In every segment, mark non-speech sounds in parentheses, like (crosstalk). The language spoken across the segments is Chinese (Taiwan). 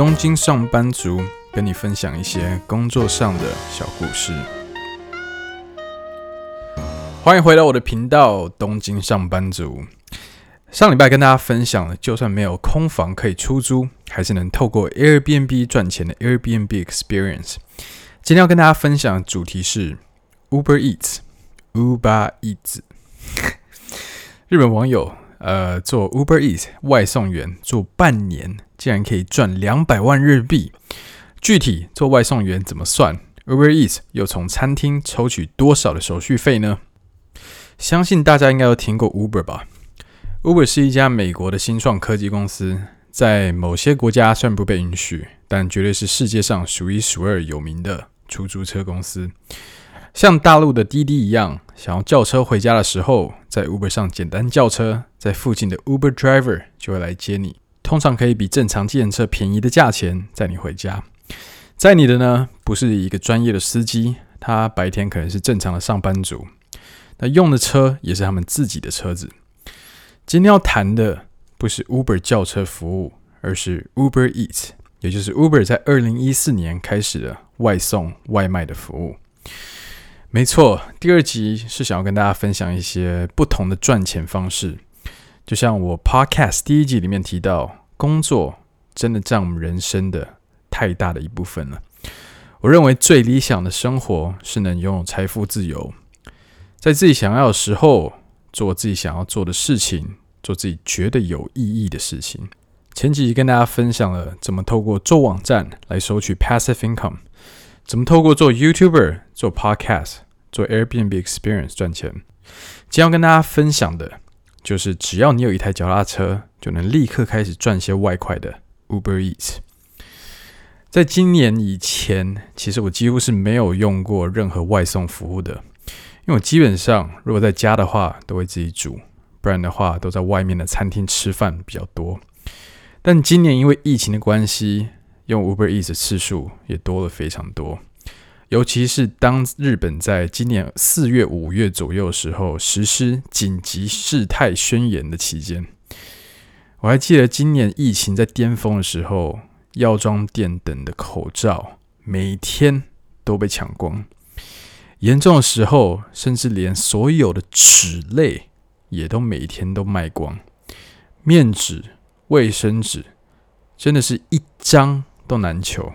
東京上班族跟你分享一些工作上的小故事。歡迎回到我的頻道《東京上班族》。上禮拜跟大家分享了，就算沒有空房可以出租，還是能透過 Airbnb 賺錢的 Airbnb Experience。今天要跟大家分享的主題是 Uber Eats，Uber Eats。 (laughs) 日本網友呃做 Uber Eats 外送員做半年。竟然可以賺兩百萬日幣！具體做外送員怎麼算？Uber Eats 又從餐廳抽取多少的手續費呢？相信大家應該都聽過 Uber 吧？Uber 是一家美國的新創科技公司，在某些國家雖然不被允許，但絕對是世界上數一數二有名的出租車公司。像大陸的滴滴一樣，想要叫車回家的時候，在 Uber 上簡單叫車，在附近的 Uber Driver 就會來接你。通常可以比正常計程車便宜的價錢載你回家。載你的呢，不是一個專業的司機，他白天可能是正常的上班族。那用的車也是他們自己的車子。今天要談的不是 Uber 叫車服務，而是 Uber Eats，也就是 Uber 在二零一四年開始的外送外賣的服務。沒錯，第二集是想要跟大家分享一些不同的賺錢方式。就像我 Podcast 第一集裡面提到，工作真的佔我們人生的太大的一部分了。我認為最理想的生活是能擁有財富自由，在自己想要的時候做自己想要做的事情，做自己覺得有意義的事情。前幾集跟大家分享了怎麼透過做網站來收取 passive income，怎麼透過做 YouTuber、做 Podcast、做 Airbnb Experience 賺錢。今天要跟大家分享的。就是只要你有一台腳踏車，就能立刻開始賺些外快的 Uber Eats。在今年以前，其實我幾乎是沒有用過任何外送服務的，因為我基本上如果在家的話都會自己煮，不然的話都在外面的餐廳吃飯比較多。但今年因為疫情的關係，用 Uber Eats 的次數也多了非常多。尤其是當日本在今年四月、五月左右的時候實施緊急事態宣言的期間，我還記得今年疫情在巔峰的時候，藥妝店等的口罩每天都被搶光，嚴重的時候，甚至連所有的紙類也都每天都賣光，面紙、衛生紙，真的是一張都難求。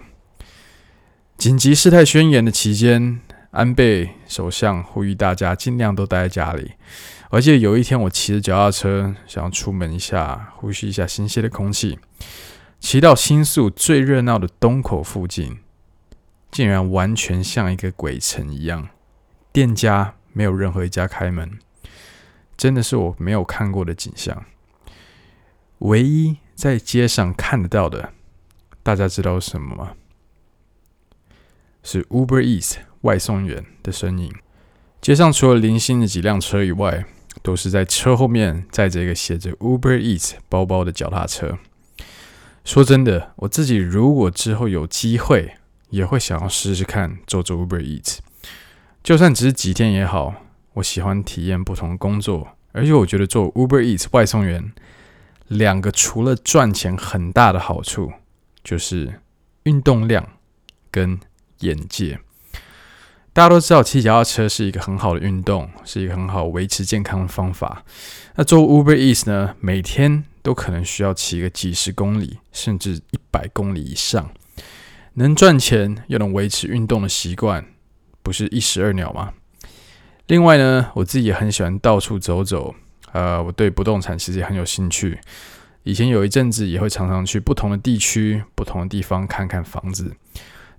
緊急事態宣言的期間，安倍首相呼籲大家儘量都待在家裡。而且有一天，我騎着腳踏車想要出門一下，呼吸一下新鮮的空氣，騎到新宿最熱鬧的東口附近，竟然完全像一個鬼城一樣，店家沒有任何一家開門，真的是我沒有看過的景象。唯一在街上看得到的，大家知道是什麼嗎？是 Uber Eats 外送員的身影。街上除了零星的幾輛車以外，都是在車後面載着一個寫着 Uber Eats 包包的腳踏車。說真的，我自己如果之後有機會，也會想要試試看做做 Uber Eats，就算只是幾天也好。我喜歡體驗不同的工作，而且我覺得做 Uber Eats 外送員，兩個除了賺錢很大的好處，就是運動量跟。眼界，大家都知道騎腳踏車是一個很好的運動，是一個很好維持健康的方法。那做 Uber Eats 呢，每天都可能需要騎個幾十公里，甚至一百公里以上，能賺錢又能維持運動的習慣，不是一石二鳥嗎？另外呢，我自己也很喜歡到處走走。呃，我對不動產其實也很有興趣，以前有一陣子也會常常去不同的地區、不同的地方看看房子。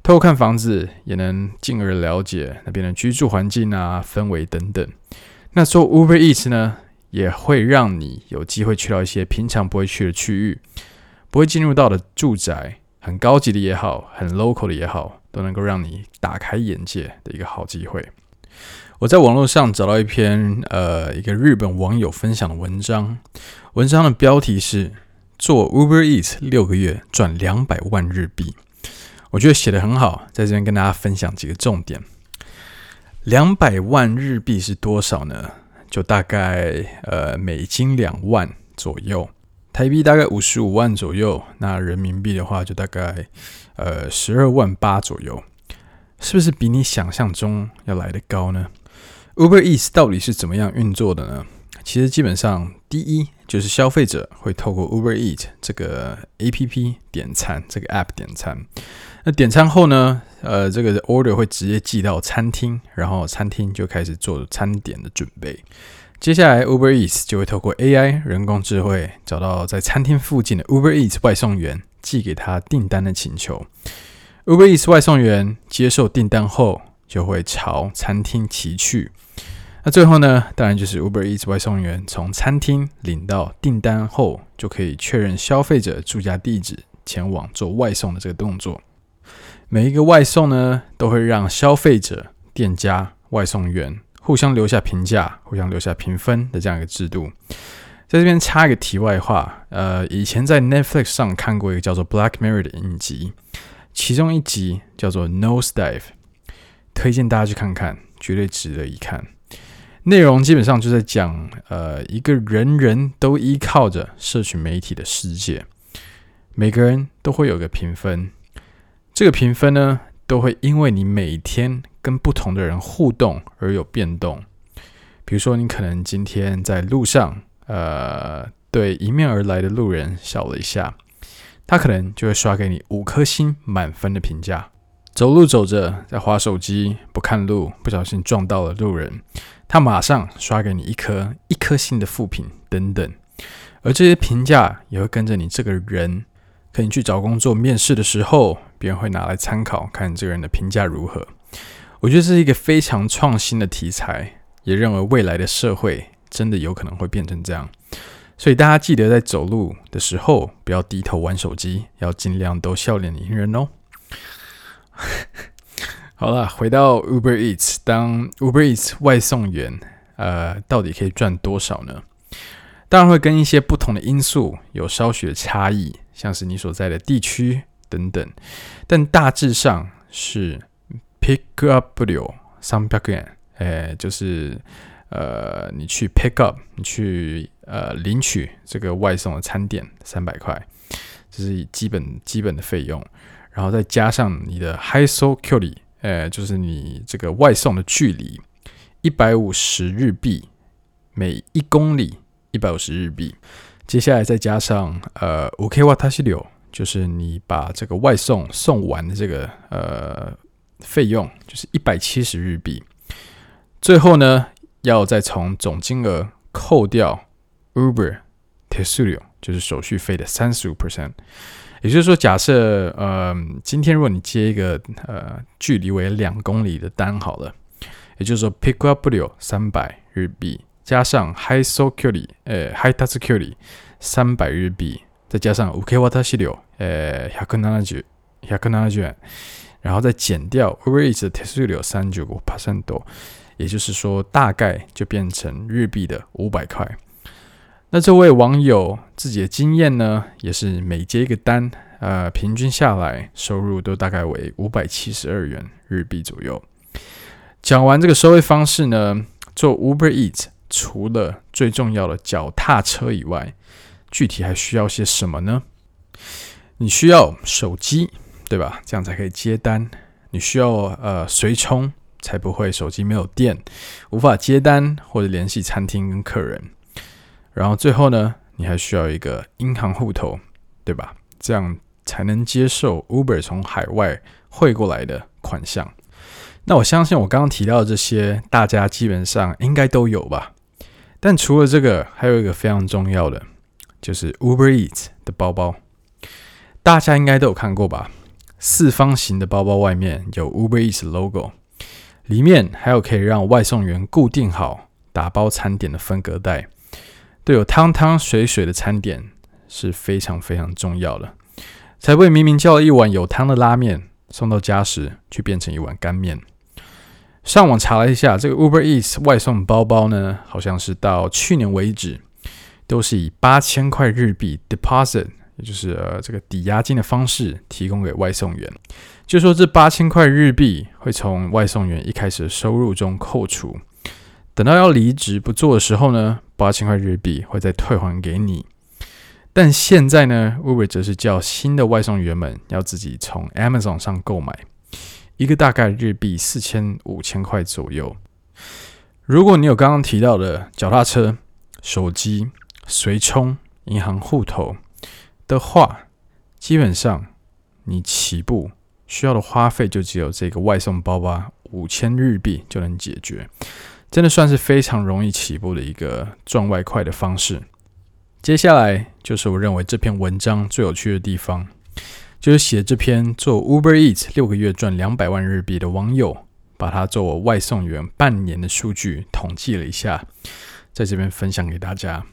透過看房子也能進而了解那邊的居住環境啊、氛圍等等。那做 Uber Eats 呢，也會讓你有機會去到一些平常不會去的區域，不會進入到的住宅，很高級的也好，很 local 的也好，都能夠讓你打開眼界的一個好機會。我在網絡上找到一篇呃，一個日本網友分享的文章，文章的標題是“做 Uber Eats 六個月賺兩百萬日幣”。我覺得寫得很好，在這邊跟大家分享幾個重點。兩百萬日幣是多少呢？就大概呃，美金兩萬左右，台幣大概五十五萬左右。那人民幣的話，就大概呃十二萬八左右。是不是比你想象中要來得高呢？Uber Eats 到底是怎麼樣運作的呢？其實基本上，第一就是消費者會透過 Uber Eats 這個 APP 點餐，這個 App 點餐。那點餐後呢？呃，這個 order 會直接寄到餐廳，然後餐廳就開始做餐點的準備。接下來，Uber Eats 就會透過 AI（ 人工智慧）找到在餐廳附近的 Uber Eats 外送員，寄給他訂單的請求。Uber Eats 外送員接受訂單後，就會朝餐廳騎去。那最後呢？當然就是 Uber Eats 外送員從餐廳領到訂單後，就可以確認消費者住家地址，前往做外送的這個動作。每一個外送呢，都會讓消費者、店家、外送員互相留下評價，互相留下評分的這樣一個制度。在這邊插一個題外話，呃，以前在 Netflix 上看過一個叫做《Black Mirror》的影集，其中一集叫做《Nosedive》，推薦大家去看看，絕對值得一看。內容基本上就在講，呃，一個人人都依靠着社群媒體的世界，每個人都會有個評分。這個評分呢，都會因為你每天跟不同的人互動而有變動。比如說，你可能今天在路上，呃，對迎面而來的路人笑了一下，他可能就會刷給你五顆星滿分的評價。走路走着，在滑手機，不看路，不小心撞到了路人，他馬上刷給你一顆一顆星的負評等等。而這些評價也會跟着你這個人，跟你去找工作面試的時候。人會拿來參考，看這個人的評價如何。我覺得這是一個非常創新的題材，也認為未來的社會真的有可能會變成這樣。所以大家記得在走路的時候不要低頭玩手機，要盡量都笑臉迎人哦。 (laughs) 好了，回到 Uber Eats，當 Uber Eats 外送員，呃，到底可以賺多少呢？當然會跟一些不同的因素有少許的差異，像是你所在的地區，等等，但大致上是 pick up some payment 哎，就是呃，你去 pick up，你去呃領取這個外送的餐點三百塊，這是基本基本的費用，然後再加上你的 high so query 呃，就是你這個外送的距離一百五十日幣，每一公里一百五十日幣，接下來再加上呃五 k 瓦塔西流。就是你把這個外送送完的這個呃費用，就是一百七十日幣。最後呢，要再從總金額扣掉 Uber 手數料就是手續費的三十五 percent。也就是說，假，假設呃今天如果你接一個呃距離為兩公里的單好了，也就是說 Pick up 料三百日幣，加上 High so c Qli 呃 High touch Qli 三百日幣。再加上受け渡し料，呃、欸，一百七十，一百七十元，然後再減掉 Uber Eats 的手續費三十五%多，也就是說大概就變成日幣的五百塊。那這位網友自己的經驗呢，也是每接一個單，呃，平均下來收入都大概為五百七十二元日幣左右。講完這個收費方式呢，做 Uber Eats 除了最重要的腳踏車以外，具體還需要些什麼呢？你需要手機，對吧？這樣才可以接單。你需要呃隨充，才不會手機沒有電，無法接單或者聯繫餐廳跟客人。然後最後呢，你還需要一個銀行戶頭，對吧？這樣才能接受 Uber 從海外匯過來的款項。那我相信我剛剛提到的這些，大家基本上應該都有吧？但除了這個，還有一個非常重要的。就是 Uber Eats 的包包，大家應該都有看過吧？四方形的包包外面有 Uber Eats logo，裡面還有可以讓外送員固定好打包餐點的分隔袋。對，有湯湯水水的餐點是非常非常重要的，才會明明叫了一碗有湯的拉麵，送到家時卻變成一碗乾麵。上網查了一下，這個 Uber Eats 外送的包包呢，好像是到去年為止。都是以八千塊日幣 deposit，也就是、呃、這個抵押金的方式提供給外送員。就說這八千塊日幣會從外送員一開始的收入中扣除，等到要離職不做的時候呢，八千塊日幣會再退還給你。但現在呢，Uber 則是叫新的外送員們要自己從 Amazon 上購買一個大概日幣四千五千塊左右。如果你有剛剛提到的腳踏車、手機，隨充銀行戶頭的話，基本上你起步需要的花費就只有這個外送包包，五千日幣就能解決，真的算是非常容易起步的一個賺外快的方式。接下來就是我認為這篇文章最有趣的地方，就是寫這篇做 Uber Eats 六個月賺兩百萬日幣的網友，把他做我外送員半年的數據統計了一下，在這邊分享給大家。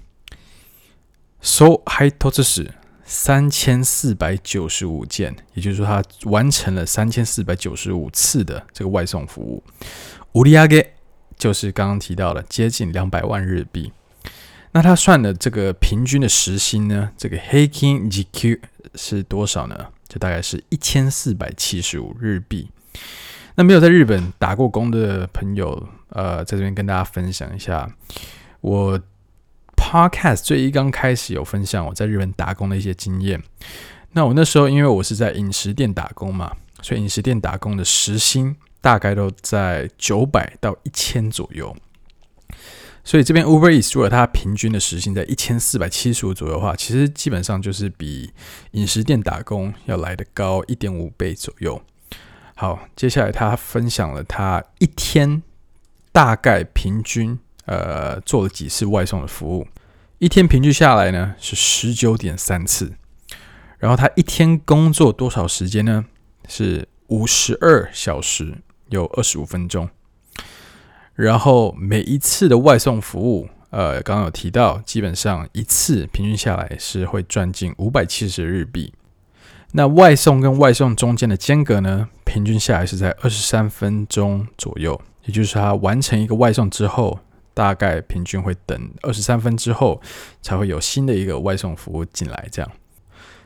総配達數是三千四百九十五件，也就是說，他完成了三千四百九十五次的這個外送服務。売り上げ就是剛剛提到的，接近兩百萬日幣。那他算的這個平均的時薪呢？這個平均時給是多少呢？就大概是一千四百七十五日幣。那沒有在日本打過工的朋友，呃，在這邊跟大家分享一下我。Podcast 最一剛開始有分享我在日本打工的一些經驗。那我那時候因為我是在飲食店打工嘛，所以飲食店打工的時薪大概都在九百到一千左右。所以這邊 Uber Eats 如果它平均的時薪在一千四百七十五左右的話，其實基本上就是比飲食店打工要來得高一點五倍左右。好，接下來他分享了他一天大概平均。呃，做了幾次外送的服務，一天平均下來呢是十九點三次。然後他一天工作多少時間呢？是五十二小時有二十五分鐘。然後每一次的外送服務，呃，剛剛有提到，基本上一次平均下來是會賺近五百七十日幣。那外送跟外送中間的間隔呢，平均下來是在二十三分鐘左右，也就是他完成一個外送之後。大概平均會等二十三分之後，才會有新的一個外送服務進來。這樣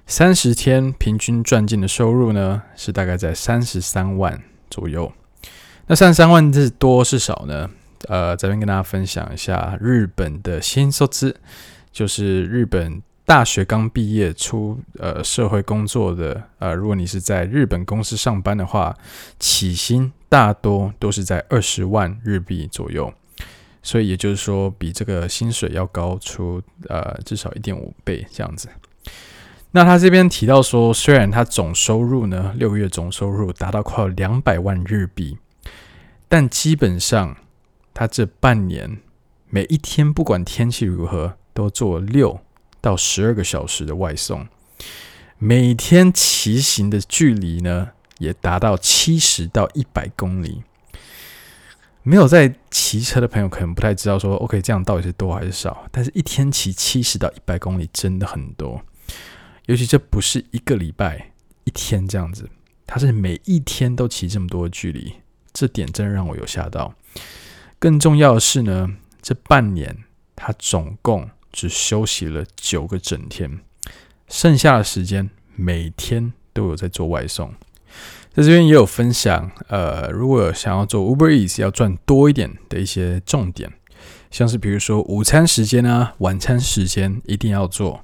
三十天平均賺進的收入呢，是大概在三十三萬左右。那三十三萬是多是少呢？呃，這邊跟大家分享一下日本的薪收資，就是日本大學剛畢業出呃社會工作的呃，如果你是在日本公司上班的話，起薪大多都是在二十萬日幣左右。所以也就是說，比這個薪水要高出呃至少一點五倍這樣子。那他這邊提到說，雖然他總收入呢六月總收入達到快要兩百萬日幣，但基本上他這半年每一天不管天氣如何，都做六到十二個小時的外送，每天騎行的距離呢也達到七十到一百公里，沒有在騎車的朋友可能不太知道說，說 OK，這樣到底是多還是少？但是一天騎七十到一百公里真的很多，尤其這不是一個禮拜一天這樣子，他是每一天都騎這麼多的距離，這點真的讓我有嚇到。更重要的是呢，這半年他總共只休息了九個整天，剩下的時間每天都有在做外送。在這邊也有分享，呃，如果想要做 Uber Eats 要賺多一點的一些重點，像是比如說午餐時間啊、晚餐時間一定要做，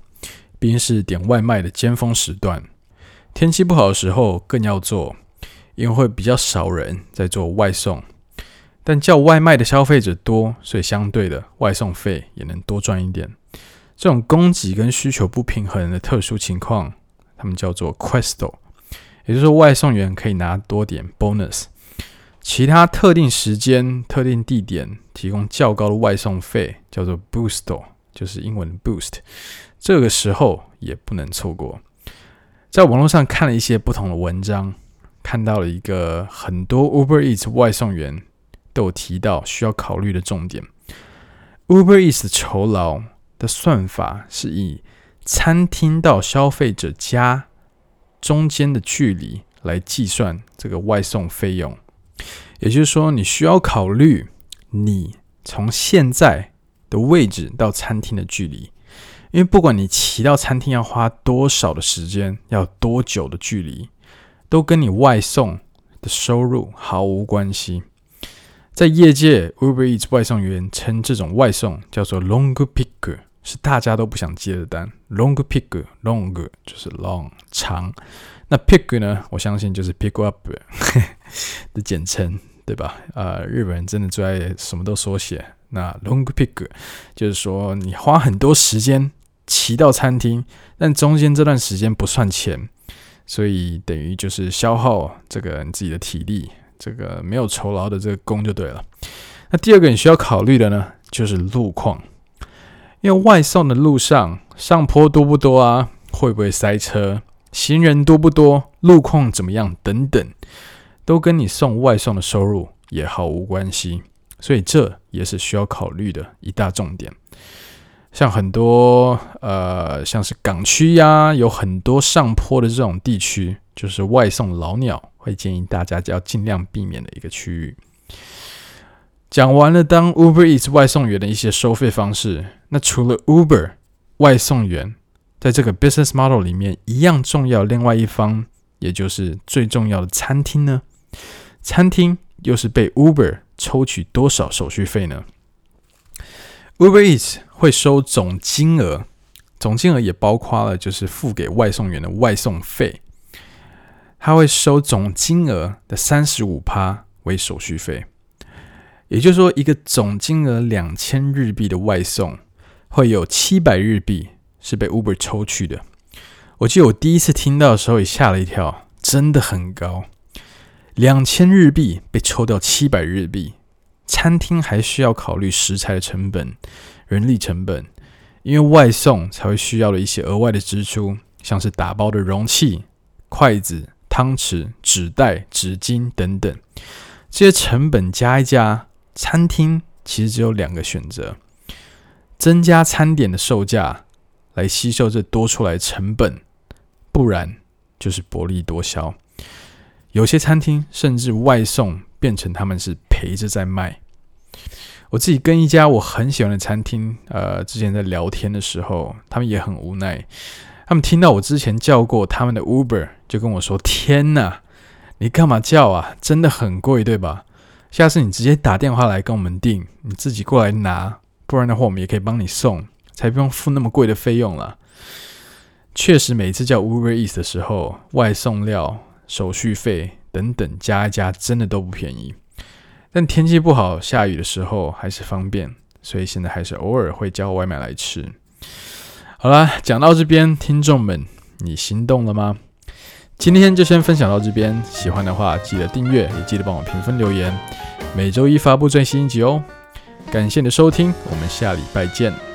畢竟是點外賣的尖峰時段，天氣不好的時候更要做，因為會比較少人在做外送，但叫外賣的消費者多，所以相對的外送費也能多賺一點。這種供給跟需求不平衡的特殊情況，他們叫做 Quest 也就是說，外送員可以拿多點 bonus。其他特定時間、特定地點提供較高的外送費，叫做 boost。就是英文的 boost。這個時候也不能錯過。在網絡上看了一些不同的文章，看到了一個很多 Uber Eats 外送員都有提到需要考慮的重點。Uber Eats 的酬勞的算法是以餐廳到消費者家。中間的距離來計算這個外送費用，也就是說，你需要考慮你從現在的位置到餐廳的距離，因為不管你騎到餐廳要花多少的時間，要多久的距離，都跟你外送的收入毫無關係。在業界，Uber Eats 外送員稱這種外送叫做 “long pick”。是大家都不想接的單，long pick long 就是 long 長，那 pick 呢？我相信就是 pick up 的簡稱，對吧？呃，日本人真的最愛什麼都縮寫。那 long pick 就是說你花很多時間騎到餐廳，但中間這段時間不算錢，所以等於就是消耗這個你自己的體力，這個沒有酬勞的這個工就對了。那第二個你需要考慮的呢，就是路況。因為外送的路上上坡多不多啊？會不會塞車？行人多不多？路況怎麼樣？等等，都跟你送外送的收入也毫無關係，所以這也是需要考慮的一大重點。像很多呃，像是港區呀、啊，有很多上坡的這種地區，就是外送老鳥會建議大家要儘量避免的一個區域。講完了，當 Uber Eats 外送員的一些收費方式。那除了 Uber 外送員，在這個 business model 裡面一樣重要，另外一方也就是最重要的餐廳呢？餐廳又是被 Uber 抽取多少手續費呢？Uber Eats 會收總金額，總金額也包括了就是付給外送員的外送費，他會收總金額的三十五趴為手續費，也就是說一個總金額兩千日幣的外送。會有七百日幣是被 Uber 抽去的。我記得我第一次聽到的時候也嚇了一跳，真的很高。兩千日幣被抽掉七百日幣，餐廳還需要考慮食材的成本、人力成本，因為外送才會需要的一些額外的支出，像是打包的容器、筷子、湯匙、紙袋、紙巾等等。這些成本加一加，餐廳其實只有兩個選擇。增加餐點的售價來吸收這多出來的成本，不然就是薄利多銷。有些餐廳甚至外送變成他們是賠着在賣。我自己跟一家我很喜歡的餐廳，呃，之前在聊天的時候，他們也很無奈。他們聽到我之前叫過他們的 Uber，就跟我說：“天哪，你幹嘛叫啊？真的很貴，對吧？下次你直接打電話來跟我們訂，你自己過來拿。”不然的話，我們也可以幫你送，才不用付那麼貴的費用啦。確實，每次叫 Uber Eats 的時候，外送料、手續費等等加一加，真的都不便宜。但天氣不好、下雨的時候還是方便，所以現在還是偶爾會叫外賣來吃。好啦，講到這邊，聽眾們，你心動了嗎？今天就先分享到這邊，喜歡的話記得訂閱，也記得幫我評分留言，每週一發布最新一集哦。感謝你的收聽，我們下禮拜見。